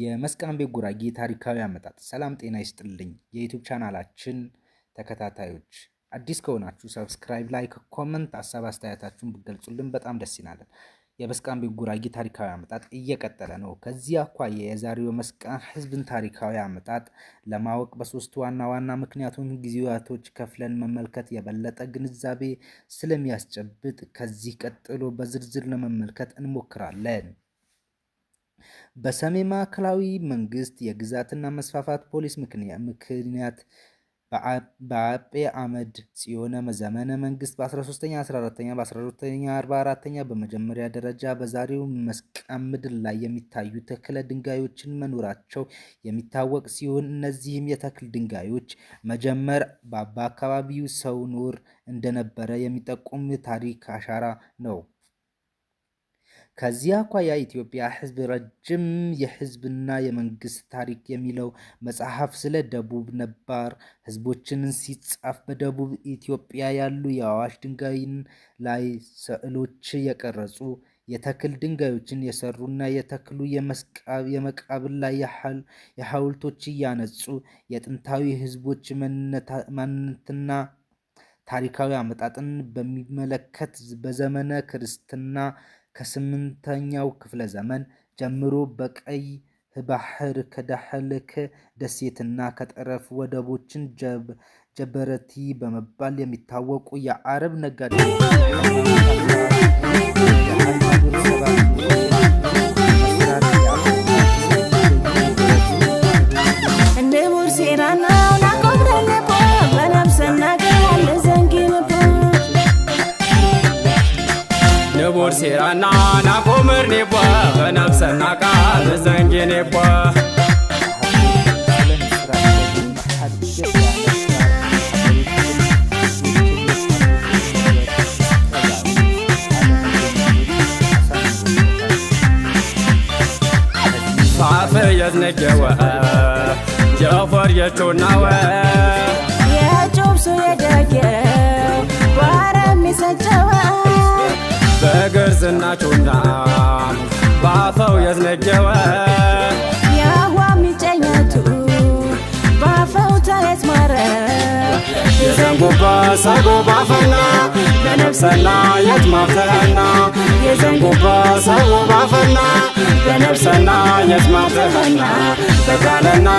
የመስቃንቤ ጉራጌ ታሪካዊ አመጣጥ። ሰላም ጤና ይስጥልኝ የዩቲዩብ ቻናላችን ተከታታዮች፣ አዲስ ከሆናችሁ ሰብስክራይብ፣ ላይክ፣ ኮመንት ሀሳብ አስተያየታችሁን ብገልጹልን በጣም ደስ ይላለን። የመስቃንቤ ጉራጌ ታሪካዊ አመጣጥ እየቀጠለ ነው። ከዚህ አኳያ የዛሬው የመስቃን ህዝብን ታሪካዊ አመጣጥ ለማወቅ በሶስት ዋና ዋና ምክንያቱም ጊዜያቶች ከፍለን መመልከት የበለጠ ግንዛቤ ስለሚያስጨብጥ ከዚህ ቀጥሎ በዝርዝር ለመመልከት እንሞክራለን። በሰሜን ማዕከላዊ መንግስት የግዛትና መስፋፋት ፖሊስ ምክንያት በአጤ አመድ ጽዮነ ዘመነ መንግስት በ13ኛ፣ 14ኛ፣ በ12ኛ፣ በመጀመሪያ ደረጃ በዛሬው ምድር ላይ የሚታዩ ተክለ ድንጋዮችን መኖራቸው የሚታወቅ ሲሆን እነዚህም የተክል ድንጋዮች መጀመር በአካባቢው ሰው ኖር እንደነበረ የሚጠቁም ታሪክ አሻራ ነው። ከዚህ አኳያ ኢትዮጵያ ህዝብ ረጅም የህዝብና የመንግስት ታሪክ የሚለው መጽሐፍ ስለ ደቡብ ነባር ህዝቦችን ሲጻፍ በደቡብ ኢትዮጵያ ያሉ የአዋሽ ድንጋይን ላይ ስዕሎች የቀረጹ የተክል ድንጋዮችን የሰሩና የተክሉ የመቃብር ላይ የሐውልቶች እያነጹ የጥንታዊ ህዝቦች ማንነትና ታሪካዊ አመጣጥን በሚመለከት በዘመነ ክርስትና ከስምንተኛው ክፍለ ዘመን ጀምሮ በቀይ ባህር ከዳህልክ ደሴትና ከጠረፍ ወደቦችን ጀበረቲ በመባል የሚታወቁ የአረብ ነጋዴ ንቡር ሲራና ናኮምርኔቧ በነፍሰና ቃል ዘንጌኔቧ ፋፍ የዝነጌወ ጀፈር የቾናወ የጮብሶ የደጌ ፈጀዋ የውሃ ምንጭነቱ ባፈው ተዝማረ የዘንጉባ ባፈና በነብሰና የዘንጉባ ባፈና በነብሰና በጋለና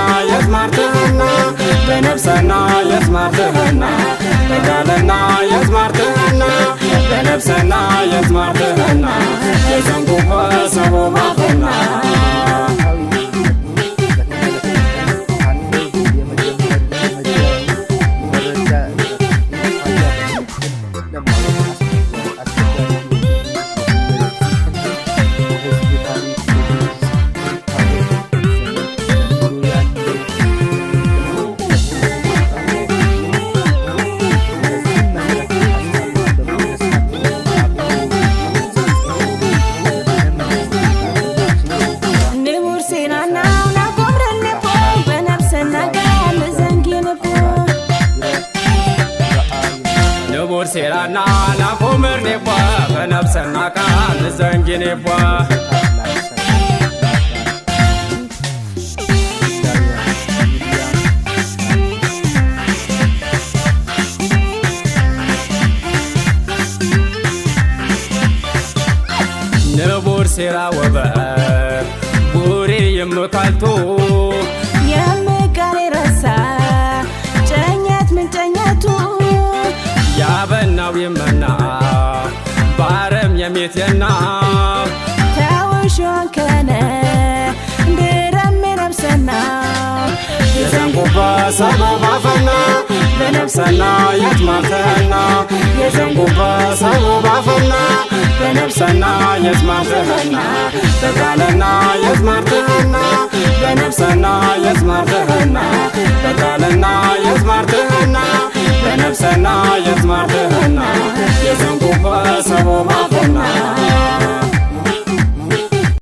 በነብሰና በጋለና የብሰና የዝማርትህና የዘንጉ ሰቦ ማፈና ሴራና ላኮምርኔኳ በነፍሰና ቃል ዘንጊኔኳ ንቡር ሴራ ወበ ቡሪ የምካልቱ ነው ይመና ባረም የሚትየና ተወሾን ከነ ብረም ነብሰና የዘንጉባ ሰበባፈና በነብሰና የትማተና የዘንጉባ ሰበባፈና በነብሰና የትማተና በቃለና የትማርተና በነብሰና የትማርተና በቃለና ስሙ ማፈና